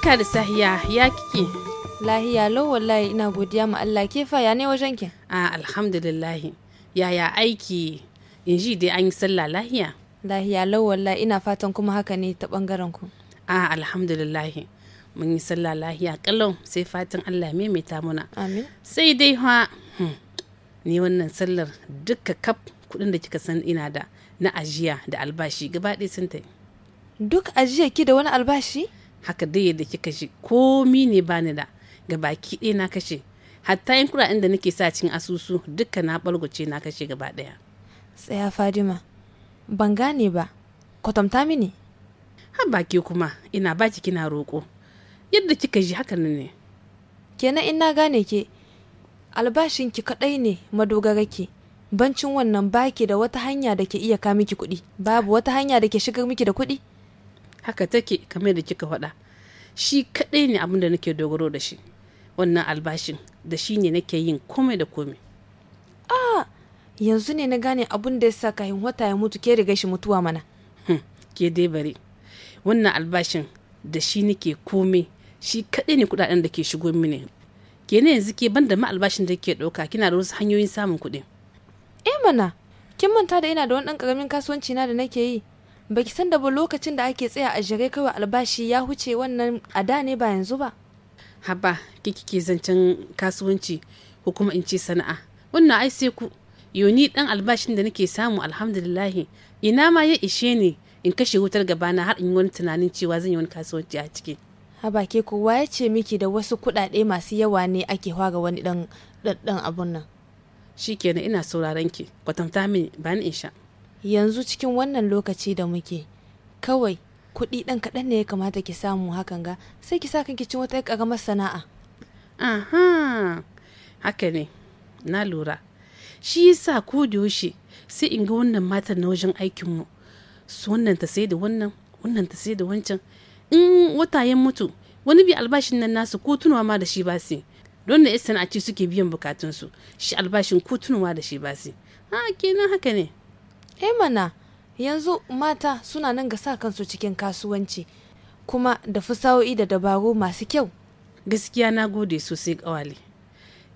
barka da sahiya ya kike lahiya lau wallahi ina godiya ma Allah ke fa ya ne wajen ki a alhamdulillah ya ya aiki in ji dai an yi sallah lahiya lahiya lau wallahi ina fatan kuma haka ne ta bangaren ku a alhamdulillah mun yi sallah lahiya kalau sai fatan Allah maimaita muna amin sai dai ha hmm, ni wannan sallar duka kaf kudin da kika san ina da na ajiya da albashi gaba ɗaya sun ta duk ajiya ki da wani albashi haka dai yadda kika ji komi ne bani da ga baki ɗaya na kashe hatta yin kuɗaɗen da nake sa cin asusu duka na ɓalgwace na kashe gaba ɗaya. tsaya fadima ban gane ba kwatamta mini ha baki kuma ina baki kina roƙo yadda kika ji haka ne kenan in gane ke albashin ki kaɗai ne madogara ke bancin wannan baki da wata hanya da ke iya ka miki kuɗi babu wata hanya da ke shigar miki da kuɗi haka take kamar da kika faɗa shi kaɗai ne abin da nake dogaro da shi wannan albashin da shi ne nake yin komai da komai ah yanzu ne na gane abin da ya sa kayan wata ya mutu ke riga shi mutuwa mana hm, ke dai bare wannan albashin da shi nake komai shi kaɗai ne kuɗaɗen da ke shigo mini ke ne yanzu ke banda ma albashin da ke ɗauka kina da wasu hanyoyin samun kuɗi E mana kin manta da ina da wani ɗan ƙaramin kasuwanci na da nake yi baki san da ba lokacin da ake tsaya a jere kawai albashi ya huce wannan a da ne ba yanzu ba haba kiki zancen kasuwanci ko kuma in ce sana'a wannan ai sai ku yoni dan albashin da nake samu alhamdulillahi ina ma ya ishe ni in kashe wutar gabana har in yi wani tunanin cewa zan yi wani kasuwanci a ciki haba ke kowa ya ce miki da wasu kuɗaɗe masu yawa ne ake ga wani dan dan abun nan shikenan ina sauraron ki kwatanta mini bani in sha yanzu cikin wannan lokaci da muke kawai kuɗi ɗan kaɗan ne ya kamata ki samu hakan ga sai ki sa kanki cin wata ƙaramar sana'a aha haka ne na lura shi yasa ko da yaushe sai in ga wannan matar na wajen aikinmu su wannan ta sai da wannan wannan ta sai da wancan in wata yan mutu wani bi albashin nan nasu ko tunawa ma da shi ba su don da yan ce suke biyan bukatunsu shi albashin ko tunawa da shi ba su ha kenan haka ne eh mana yanzu mata suna nan ga sa kansu cikin kasuwanci kuma da fasahohi da dabaru masu kyau gaskiya na gode sosai kawali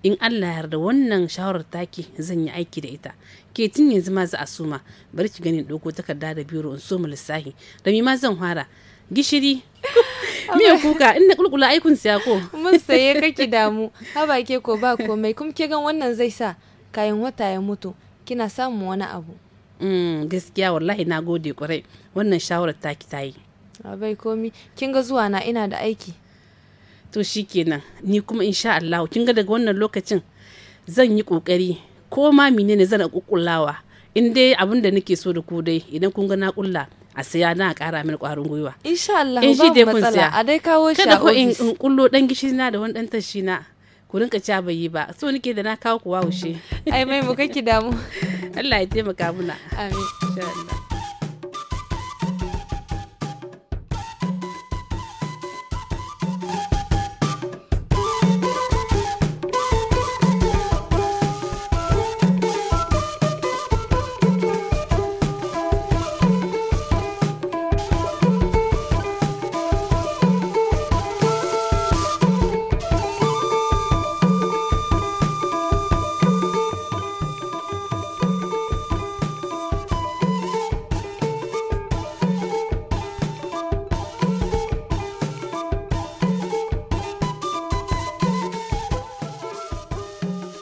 in allah yarda wannan shawarar taki zan yi aiki da ita ke tun yanzu ma za a suma bari ki ganin dogo takarda da biro in soma lissafi da ma zan fara gishiri miya kuka inda kulkula aikun siya ko mun saye kake damu haba ke ko ba komai kuma ke gan wannan zai sa kayan wata ya mutu kina samun wani abu Mm, gaskiya wallahi na gode kwarai wannan shawarar taki ta yi bai komi kin ga zuwa na ina da aiki to shikenan ni kuma insha Allah kin ga daga wannan lokacin zan yi kokari ko ma menene zan kukullawa in dai abin da nake so da ku dai idan kun ga na kulla a saya na kara min kwarin gwiwa insha Allah eh, ba matsala a dai kawo shi a kada ko in kullo dan gishi na da wani dan tashi na ku rinka ca bai yi ba so nake da na kawo ku wawushe ai mai mu kake damu Allah ya taimaka muna amin insha Allah